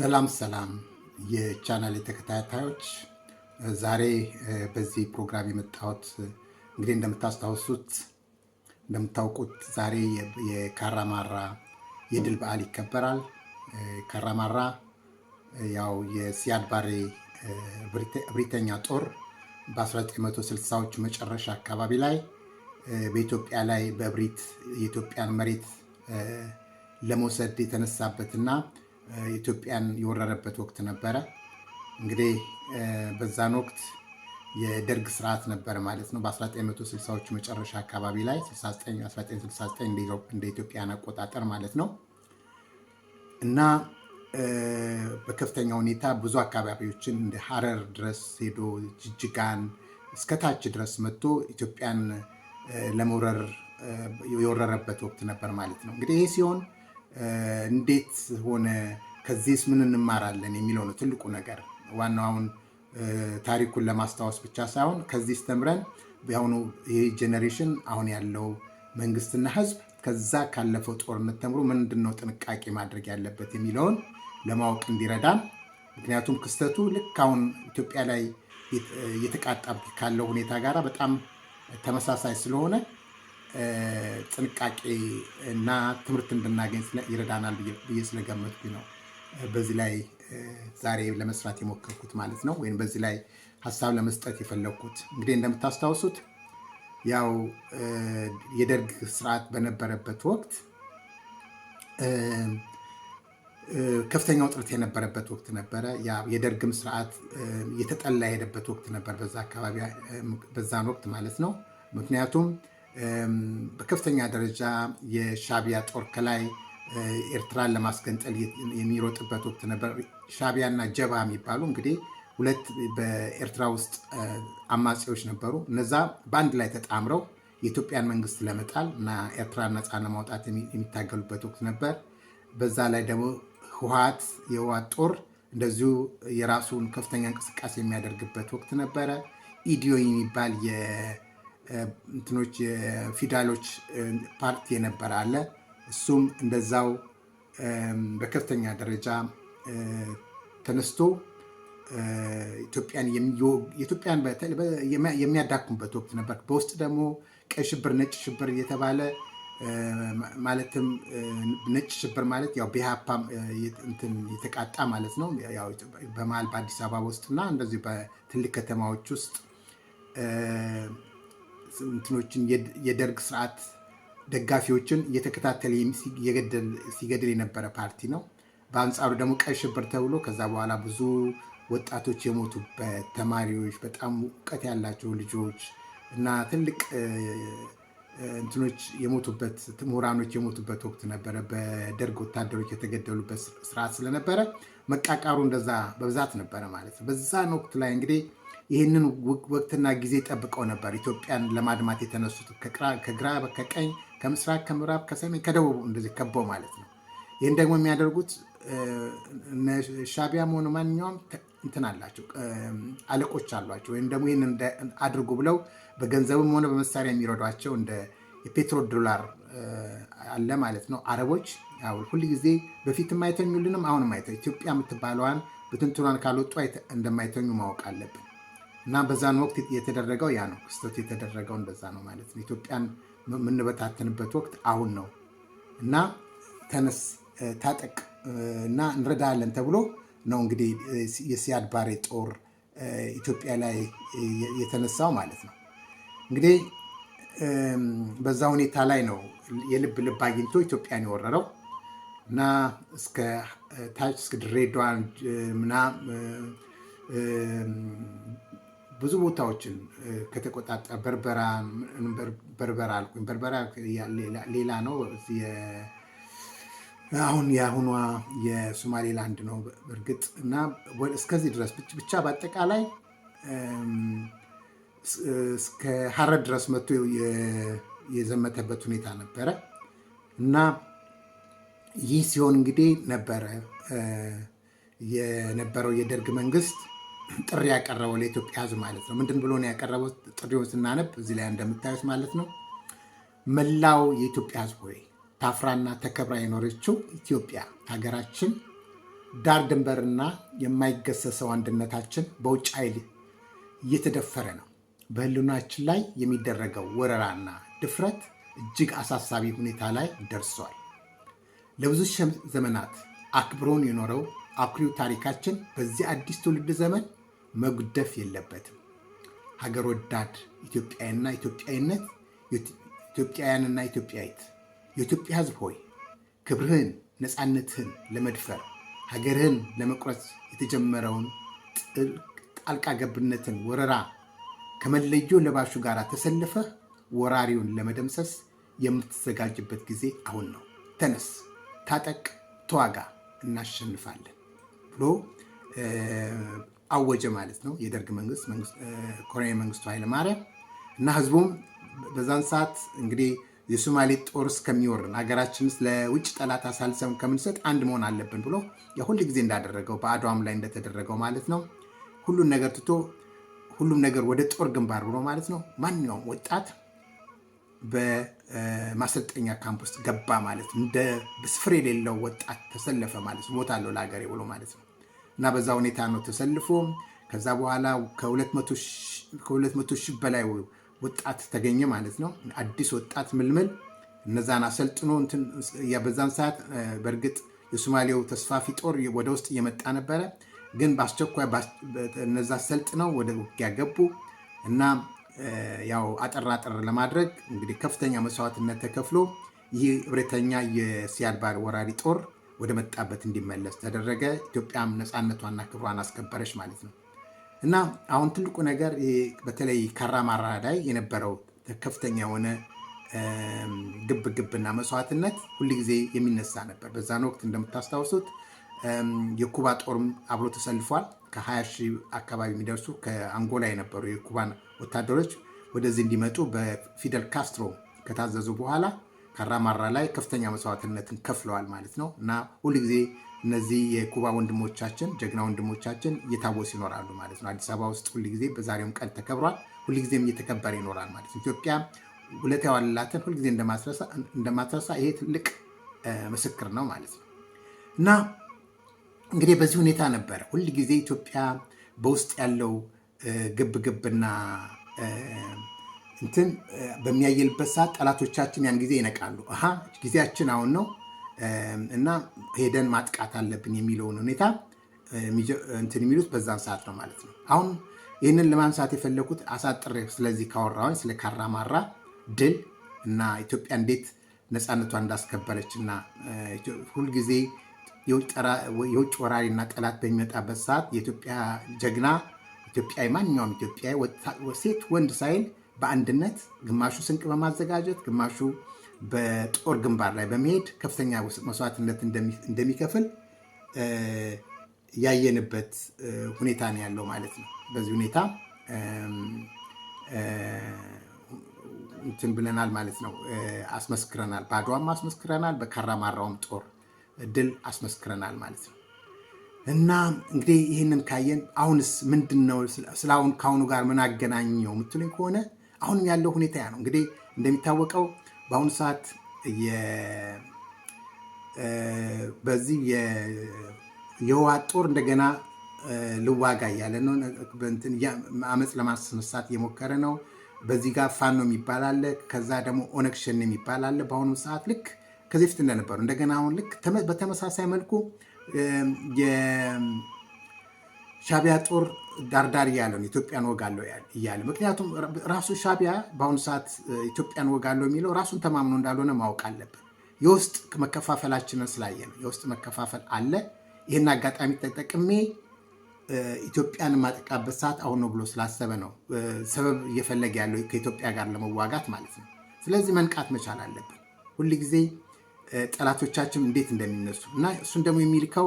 ሰላም ሰላም የቻናል ተከታታዮች፣ ዛሬ በዚህ ፕሮግራም የመጣሁት እንግዲህ እንደምታስታውሱት እንደምታውቁት ዛሬ የካራማራ የድል በዓል ይከበራል። ካራማራ ያው የሲያድ ባሬ ብሪተኛ ጦር በ1960ዎቹ መጨረሻ አካባቢ ላይ በኢትዮጵያ ላይ በብሪት የኢትዮጵያን መሬት ለመውሰድ የተነሳበትና ኢትዮጵያን የወረረበት ወቅት ነበረ። እንግዲህ በዛን ወቅት የደርግ ስርዓት ነበረ ማለት ነው። በ1960ዎቹ መጨረሻ አካባቢ ላይ 1969 እንደ ኢትዮጵያን አቆጣጠር ማለት ነው እና በከፍተኛ ሁኔታ ብዙ አካባቢዎችን እንደ ሀረር ድረስ ሄዶ ጅጅጋን እስከታች ድረስ መጥቶ ኢትዮጵያን ለመውረር የወረረበት ወቅት ነበር ማለት ነው። እንግዲህ ይህ ሲሆን እንዴት ሆነ? ከዚህስ ምን እንማራለን የሚለው ነው ትልቁ ነገር። ዋናው አሁን ታሪኩን ለማስታወስ ብቻ ሳይሆን ከዚህ ተምረን ያሁኑ ይህ ጄኔሬሽን አሁን ያለው መንግስትና ህዝብ ከዛ ካለፈው ጦርነት ተምሮ ምንድን ነው ጥንቃቄ ማድረግ ያለበት የሚለውን ለማወቅ እንዲረዳን። ምክንያቱም ክስተቱ ልክ አሁን ኢትዮጵያ ላይ እየተቃጣ ካለው ሁኔታ ጋር በጣም ተመሳሳይ ስለሆነ ጥንቃቄ እና ትምህርት እንድናገኝ ይረዳናል ብዬ ስለገመትኩ ነው። በዚህ ላይ ዛሬ ለመስራት የሞከርኩት ማለት ነው፣ ወይም በዚህ ላይ ሀሳብ ለመስጠት የፈለግኩት እንግዲህ እንደምታስታውሱት ያው የደርግ ስርዓት በነበረበት ወቅት ከፍተኛ ውጥረት የነበረበት ወቅት ነበረ። የደርግም ስርዓት እየተጠላ የሄደበት ወቅት ነበር፣ በዛ አካባቢ በዛን ወቅት ማለት ነው። ምክንያቱም በከፍተኛ ደረጃ የሻቢያ ጦር ከላይ ኤርትራን ለማስገንጠል የሚሮጥበት ወቅት ነበር። ሻቢያና ጀባ የሚባሉ እንግዲህ ሁለት በኤርትራ ውስጥ አማጺዎች ነበሩ። እነዛ በአንድ ላይ ተጣምረው የኢትዮጵያን መንግስት ለመጣል እና ኤርትራን ነፃ ለማውጣት የሚታገሉበት ወቅት ነበር። በዛ ላይ ደግሞ ህወሓት የህወሓት ጦር እንደዚሁ የራሱን ከፍተኛ እንቅስቃሴ የሚያደርግበት ወቅት ነበረ። ኢዲዮ የሚባል የፊዳሎች ፓርቲ የነበረ አለ። እሱም እንደዛው በከፍተኛ ደረጃ ተነስቶ ኢትዮጵያን የሚያዳክሙበት ወቅት ነበር። በውስጥ ደግሞ ቀይ ሽብር፣ ነጭ ሽብር እየተባለ ማለትም ነጭ ሽብር ማለት ያው በኢህአፓ የተቃጣ ማለት ነው። በመሀል በአዲስ አበባ እና እንደዚህ በትልቅ ከተማዎች ውስጥ እንትኖችን የደርግ ስርዓት ደጋፊዎችን እየተከታተለ ሲገድል የነበረ ፓርቲ ነው። በአንጻሩ ደግሞ ቀይ ሽብር ተብሎ ከዛ በኋላ ብዙ ወጣቶች የሞቱበት ተማሪዎች፣ በጣም እውቀት ያላቸው ልጆች እና ትልቅ እንትኖች የሞቱበት ምሁራኖች የሞቱበት ወቅት ነበረ። በደርግ ወታደሮች የተገደሉበት ስርዓት ስለነበረ መቃቃሩ እንደዛ በብዛት ነበረ ማለት ነው። በዛን ወቅት ላይ እንግዲህ ይህንን ወቅትና ጊዜ ጠብቀው ነበር ኢትዮጵያን ለማድማት የተነሱት ከግራ ከቀኝ ከምስራቅ ከምዕራብ ከሰሜን ከደቡብ እንደዚህ ከበው ማለት ነው ይህን ደግሞ የሚያደርጉት ሻቢያ መሆኑ ማንኛውም እንትን አላቸው አለቆች አሏቸው ወይም ደግሞ ይህን አድርጉ ብለው በገንዘብም ሆነ በመሳሪያ የሚረዷቸው እንደ የፔትሮ ዶላር አለ ማለት ነው አረቦች ሁል ጊዜ በፊት የማይተኙልንም አሁን ማይተ ኢትዮጵያ የምትባለዋን ብትንትኗን ካልወጡ እንደማይተኙ ማወቅ አለብን እና በዛን ወቅት የተደረገው ያ ነው ክስተቱ የተደረገው በዛ ነው ማለት ነው። ኢትዮጵያን የምንበታተንበት ወቅት አሁን ነው እና ተነስ ታጠቅ እና እንረዳለን ተብሎ ነው እንግዲህ የሲያድ ባሬ ጦር ኢትዮጵያ ላይ የተነሳው ማለት ነው። እንግዲህ በዛ ሁኔታ ላይ ነው የልብ ልብ አግኝቶ ኢትዮጵያን የወረረው እና እስከ ታች እስከ ድሬዳዋ ምና ብዙ ቦታዎችን ከተቆጣጠረ በርበራ በርበራ አልኩኝ። በርበራ ሌላ ነው። አሁን የአሁኗ የሶማሌላንድ ነው እርግጥ እና እስከዚህ ድረስ ብቻ በአጠቃላይ እስከ ሀረር ድረስ መጥቶ የዘመተበት ሁኔታ ነበረ እና ይህ ሲሆን እንግዲህ ነበረ የነበረው የደርግ መንግስት ጥሪ ያቀረበው ለኢትዮጵያ ሕዝብ ማለት ነው። ምንድን ብሎ ነው ያቀረበው? ጥሪውን ስናነብ እዚህ ላይ እንደምታዩት ማለት ነው መላው የኢትዮጵያ ሕዝብ ሆይ ታፍራና ተከብራ የኖረችው ኢትዮጵያ ሀገራችን ዳር ድንበርና የማይገሰሰው አንድነታችን በውጭ ኃይል እየተደፈረ ነው። በህልናችን ላይ የሚደረገው ወረራና ድፍረት እጅግ አሳሳቢ ሁኔታ ላይ ደርሷል። ለብዙ ዘመናት አክብሮን የኖረው አኩሪው ታሪካችን በዚህ አዲስ ትውልድ ዘመን መጉደፍ የለበትም። ሀገር ወዳድ ኢትዮጵያና ኢትዮጵያዊነት ኢትዮጵያውያንና ኢትዮጵያዊት የኢትዮጵያ ሕዝብ ሆይ ክብርህን፣ ነፃነትህን ለመድፈር ሀገርህን ለመቁረጽ የተጀመረውን ጣልቃ ገብነትን ወረራ ከመለዮ ለባሹ ጋር ተሰልፈህ ወራሪውን ለመደምሰስ የምትዘጋጅበት ጊዜ አሁን ነው። ተነስ፣ ታጠቅ፣ ተዋጋ፣ እናሸንፋለን ብሎ አወጀ ማለት ነው። የደርግ መንግስት ኮሎኔል መንግስቱ ኃይለማርያም እና ህዝቡም በዛን ሰዓት እንግዲህ የሶማሌ ጦር እስከሚወርን ሀገራችን ለውጭ ጠላት አሳልሰን ከምንሰጥ አንድ መሆን አለብን ብሎ የሁል ጊዜ እንዳደረገው በአድዋም ላይ እንደተደረገው ማለት ነው ሁሉን ነገር ትቶ ሁሉም ነገር ወደ ጦር ግንባር ብሎ ማለት ነው ማንኛውም ወጣት በማሰልጠኛ ካምፕ ውስጥ ገባ ማለት እንደ ስፍር የሌለው ወጣት ተሰለፈ ማለት ሞታለሁ ለሀገሬ ብሎ ማለት ነው። እና በዛ ሁኔታ ነው ተሰልፎ ከዛ በኋላ ከሁለት መቶ ሺህ በላይ ወጣት ተገኘ ማለት ነው። አዲስ ወጣት ምልምል እነዛን አሰልጥኖ በዛን ሰዓት በእርግጥ የሶማሌው ተስፋፊ ጦር ወደ ውስጥ እየመጣ ነበረ። ግን በአስቸኳይ እነዛ አሰልጥነው ወደ ውጊያ ገቡ እና ያው አጠር አጠር ለማድረግ እንግዲህ ከፍተኛ መስዋዕትነት ተከፍሎ ይህ እብሪተኛ የሲያድባር ወራሪ ጦር ወደ መጣበት እንዲመለስ ተደረገ። ኢትዮጵያም ነፃነቷና ክብሯን አስከበረች ማለት ነው። እና አሁን ትልቁ ነገር በተለይ ካራማራ ላይ የነበረው ከፍተኛ የሆነ ግብ ግብና መስዋዕትነት ሁልጊዜ የሚነሳ ነበር። በዛን ወቅት እንደምታስታውሱት የኩባ ጦርም አብሮ ተሰልፏል። ከ20 ሺህ አካባቢ የሚደርሱ ከአንጎላ የነበሩ የኩባን ወታደሮች ወደዚህ እንዲመጡ በፊደል ካስትሮ ከታዘዙ በኋላ ከራማራ ላይ ከፍተኛ መስዋዕትነትን ከፍለዋል ማለት ነው እና ሁልጊዜ እነዚህ የኩባ ወንድሞቻችን ጀግና ወንድሞቻችን እየታወሱ ይኖራሉ ማለት ነው። አዲስ አበባ ውስጥ ሁልጊዜ በዛሬውም ቀን ተከብሯል፣ ሁልጊዜም እየተከበረ ይኖራል ማለት ነው። ኢትዮጵያ ሁለት ያዋልላትን ሁልጊዜ እንደማትረሳ ይሄ ትልቅ ምስክር ነው ማለት ነው እና እንግዲህ በዚህ ሁኔታ ነበረ ሁልጊዜ ኢትዮጵያ በውስጥ ያለው ግብግብና እንትን በሚያየልበት ሰዓት ጠላቶቻችን ያን ጊዜ ይነቃሉ። አሀ ጊዜያችን አሁን ነው እና ሄደን ማጥቃት አለብን የሚለውን ሁኔታ እንትን የሚሉት በዛን ሰዓት ነው ማለት ነው። አሁን ይህንን ለማንሳት የፈለኩት አሳጥሬ ስለዚህ ካወራሁኝ ስለ ካራማራ ድል እና ኢትዮጵያ እንዴት ነፃነቷ እንዳስከበረች እና ሁልጊዜ የውጭ ወራሪና ጠላት በሚመጣበት ሰዓት የኢትዮጵያ ጀግና ኢትዮጵያዊ ማንኛውም ኢትዮጵያዊ ሴት ወንድ ሳይል በአንድነት ግማሹ ስንቅ በማዘጋጀት ግማሹ በጦር ግንባር ላይ በመሄድ ከፍተኛ መስዋዕትነት እንደሚከፍል ያየንበት ሁኔታ ነው ያለው ማለት ነው። በዚህ ሁኔታ እንትን ብለናል ማለት ነው፣ አስመስክረናል። በአድዋም አስመስክረናል፣ በካራማራውም ጦር ድል አስመስክረናል ማለት ነው። እና እንግዲህ ይህንን ካየን አሁንስ ምንድን ነው? ከአሁኑ ጋር ምን አገናኘው የምትሉኝ ከሆነ አሁንም ያለው ሁኔታ ያ ነው። እንግዲህ እንደሚታወቀው በአሁኑ ሰዓት በዚህ የህወሓት ጦር እንደገና ልዋጋ እያለ ነው። አመፅ ለማስነሳት እየሞከረ ነው። በዚህ ጋር ፋኖ የሚባል አለ፣ ከዛ ደግሞ ኦነግ ሸኔ የሚባል አለ። በአሁኑ ሰዓት ልክ ከዚህ ፊት እንደነበሩ እንደገና አሁን ልክ በተመሳሳይ መልኩ ሻቢያ ጦር ዳርዳር እያለ ነው ኢትዮጵያን ወጋለው እያለ። ምክንያቱም ራሱ ሻቢያ በአሁኑ ሰዓት ኢትዮጵያን ወጋለው የሚለው ራሱን ተማምኖ እንዳልሆነ ማወቅ አለብን። የውስጥ መከፋፈላችንን ስላየ ነው። የውስጥ መከፋፈል አለ። ይህን አጋጣሚ ተጠቅሜ ኢትዮጵያን የማጠቃበት ሰዓት አሁን ነው ብሎ ስላሰበ ነው ሰበብ እየፈለገ ያለው ከኢትዮጵያ ጋር ለመዋጋት ማለት ነው። ስለዚህ መንቃት መቻል አለብን ሁልጊዜ ጠላቶቻችን እንዴት እንደሚነሱ እና እሱን ደግሞ የሚልከው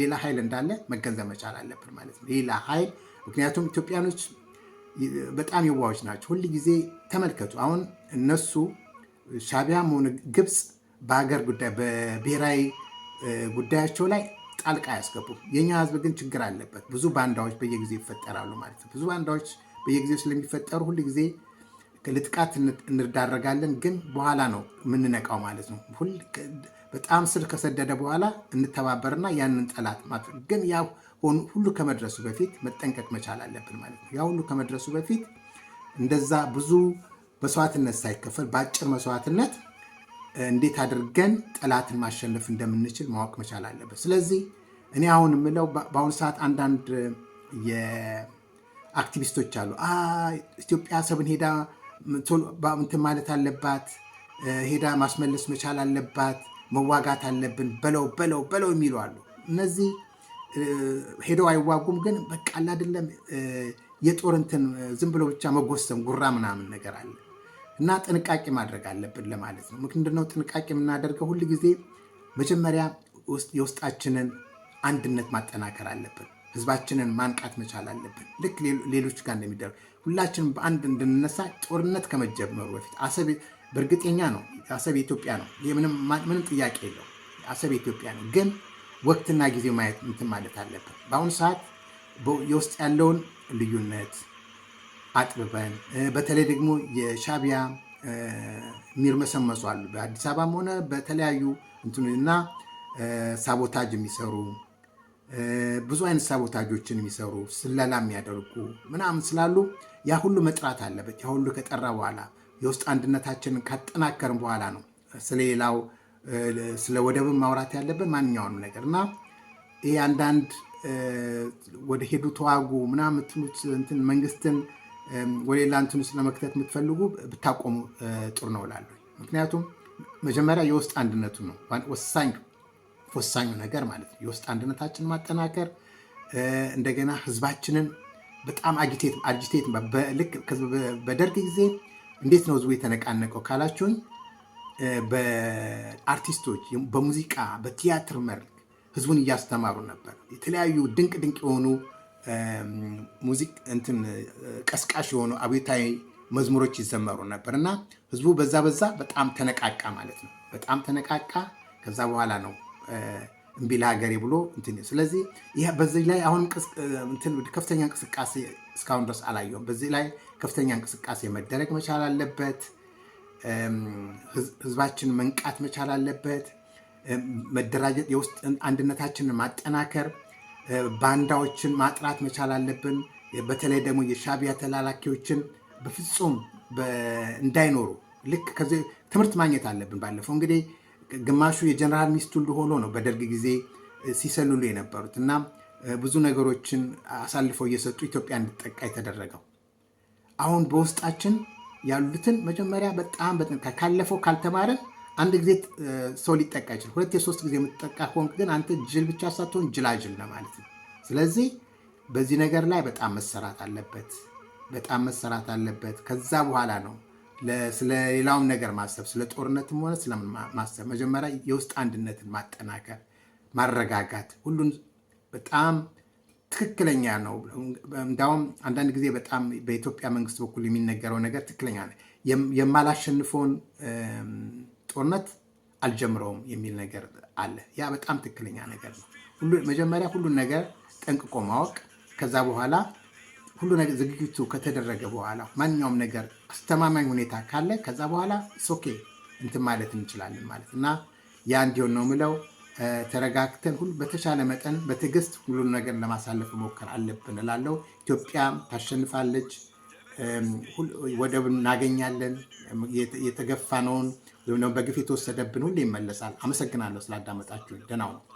ሌላ ኃይል እንዳለ መገንዘብ መቻል አለብን ማለት ነው። ሌላ ኃይል ምክንያቱም ኢትዮጵያኖች በጣም የዋዎች ናቸው። ሁል ጊዜ ተመልከቱ። አሁን እነሱ ሻቢያም ሆነ ግብፅ በሀገር ጉዳይ በብሔራዊ ጉዳያቸው ላይ ጣልቃ አያስገቡም። የኛ ህዝብ ግን ችግር አለበት። ብዙ ባንዳዎች በየጊዜው ይፈጠራሉ ማለት ነው። ብዙ ባንዳዎች በየጊዜው ስለሚፈጠሩ ሁል ጊዜ ለጥቃት እንዳረጋለን፣ ግን በኋላ ነው የምንነቃው ማለት ነው። በጣም ስር ከሰደደ በኋላ እንተባበርና ያንን ጠላት ማጥፋት። ግን ያ ሁሉ ከመድረሱ በፊት መጠንቀቅ መቻል አለብን ማለት ነው። ያ ሁሉ ከመድረሱ በፊት እንደዛ ብዙ መስዋዕትነት ሳይከፈል በአጭር መስዋዕትነት እንዴት አድርገን ጠላትን ማሸነፍ እንደምንችል ማወቅ መቻል አለበት። ስለዚህ እኔ አሁን የምለው በአሁኑ ሰዓት አንዳንድ የአክቲቪስቶች አሉ ኢትዮጵያ ሰብን ሄዳ እንትን ማለት አለባት፣ ሄዳ ማስመለስ መቻል አለባት፣ መዋጋት አለብን፣ በለው በለው በለው የሚሉ አሉ። እነዚህ ሄደው አይዋጉም፣ ግን በቃ አይደለም የጦር እንትን ዝም ብሎ ብቻ መጎሰም ጉራ ምናምን ነገር አለ እና ጥንቃቄ ማድረግ አለብን ለማለት ነው። ምንድን ነው ጥንቃቄ የምናደርገው? ሁል ጊዜ መጀመሪያ የውስጣችንን አንድነት ማጠናከር አለብን። ህዝባችንን ማንቃት መቻል አለብን። ልክ ሌሎች ጋር እንደሚደረግ ሁላችንም በአንድ እንድንነሳ ጦርነት ከመጀመሩ በፊት አሰብ በእርግጠኛ ነው አሰብ የኢትዮጵያ ነው። ምንም ጥያቄ የለው። አሰብ የኢትዮጵያ ነው። ግን ወቅትና ጊዜ ማየት እንትን ማለት አለብን። በአሁኑ ሰዓት የውስጥ ያለውን ልዩነት አጥብበን በተለይ ደግሞ የሻቢያ የሚርመሰመሱ አሉ በአዲስ አበባም ሆነ በተለያዩ እንትንና ሳቦታጅ የሚሰሩ ብዙ አይነት ሳቦታጆችን የሚሰሩ ስለላ የሚያደርጉ ምናምን ስላሉ ያ ሁሉ መጥራት አለበት። ያ ሁሉ ከጠራ በኋላ የውስጥ አንድነታችንን ካጠናከርን በኋላ ነው ስለሌላው ስለ ወደብን ማውራት ያለብን ማንኛውንም ነገር እና ይህ አንዳንድ ወደ ሄዱ ተዋጉ ምናምን የምትሉት እንትን መንግስትን ወደ እንትን ውስጥ ለመክተት የምትፈልጉ ብታቆሙ ጥሩ ነው እላለሁ። ምክንያቱም መጀመሪያ የውስጥ አንድነቱ ነው ወሳኝ ወሳኙ ነገር ማለት ነው። የውስጥ አንድነታችን ማጠናከር እንደገና ህዝባችንን በጣም አጅቴት አጅቴት ልክ በደርግ ጊዜ እንዴት ነው ህዝቡ የተነቃነቀው ካላችሁኝ በአርቲስቶች በሙዚቃ በቲያትር መልክ ህዝቡን እያስተማሩ ነበር። የተለያዩ ድንቅ ድንቅ የሆኑ ሙዚቅ እንትን ቀስቃሽ የሆኑ አብዮታዊ መዝሙሮች ይዘመሩ ነበር እና ህዝቡ በዛ በዛ በጣም ተነቃቃ ማለት ነው። በጣም ተነቃቃ። ከዛ በኋላ ነው እምቢ ለሀገሬ ብሎ እንትን። ስለዚህ በዚህ ላይ አሁን ከፍተኛ እንቅስቃሴ እስካሁን ድረስ አላየሁም። በዚህ ላይ ከፍተኛ እንቅስቃሴ መደረግ መቻል አለበት። ህዝባችን መንቃት መቻል አለበት። መደራጀት፣ የውስጥ አንድነታችንን ማጠናከር፣ ባንዳዎችን ማጥራት መቻል አለብን። በተለይ ደግሞ የሻቢያ ተላላኪዎችን በፍጹም እንዳይኖሩ ልክ ከዚህ ትምህርት ማግኘት አለብን። ባለፈው እንግዲህ ግማሹ የጀነራል ሚኒስቱ እንደሆነ ነው በደርግ ጊዜ ሲሰልሉ የነበሩት እና ብዙ ነገሮችን አሳልፈው እየሰጡ ኢትዮጵያ እንድጠቃ የተደረገው። አሁን በውስጣችን ያሉትን መጀመሪያ በጣም በጥንቃቄ ካለፈው ካልተማረ አንድ ጊዜ ሰው ሊጠቃ ይችላል። ሁለት የሶስት ጊዜ የምትጠቃ ሆንክ ግን አንተ ጅል ብቻ ሳትሆን ጅላጅል ነው ማለት ነው። ስለዚህ በዚህ ነገር ላይ በጣም መሰራት አለበት፣ በጣም መሰራት አለበት። ከዛ በኋላ ነው ስለሌላውም ነገር ማሰብ ስለ ጦርነትም ሆነ ስለምን ማሰብ መጀመሪያ የውስጥ አንድነትን ማጠናከር፣ ማረጋጋት ሁሉን በጣም ትክክለኛ ነው። እንዳውም አንዳንድ ጊዜ በጣም በኢትዮጵያ መንግስት በኩል የሚነገረው ነገር ትክክለኛ ነው። የማላሸንፈውን ጦርነት አልጀምረውም የሚል ነገር አለ። ያ በጣም ትክክለኛ ነገር ነው። መጀመሪያ ሁሉን ነገር ጠንቅቆ ማወቅ ከዛ በኋላ ሁሉ ነገር ዝግጅቱ ከተደረገ በኋላ ማንኛውም ነገር አስተማማኝ ሁኔታ ካለ ከዛ በኋላ ሶኬ እንትን ማለት እንችላለን ማለት እና ያ እንዲሆን ነው ምለው። ተረጋግተን ሁሉ በተሻለ መጠን በትዕግስት ሁሉን ነገር ለማሳለፍ መሞከር አለብን እላለሁ። ኢትዮጵያ ታሸንፋለች፣ ወደብ እናገኛለን። የተገፋነውን ወይም በግፍ የተወሰደብን ሁሉ ይመለሳል። አመሰግናለሁ ስላዳመጣችሁ። ደህና ነው።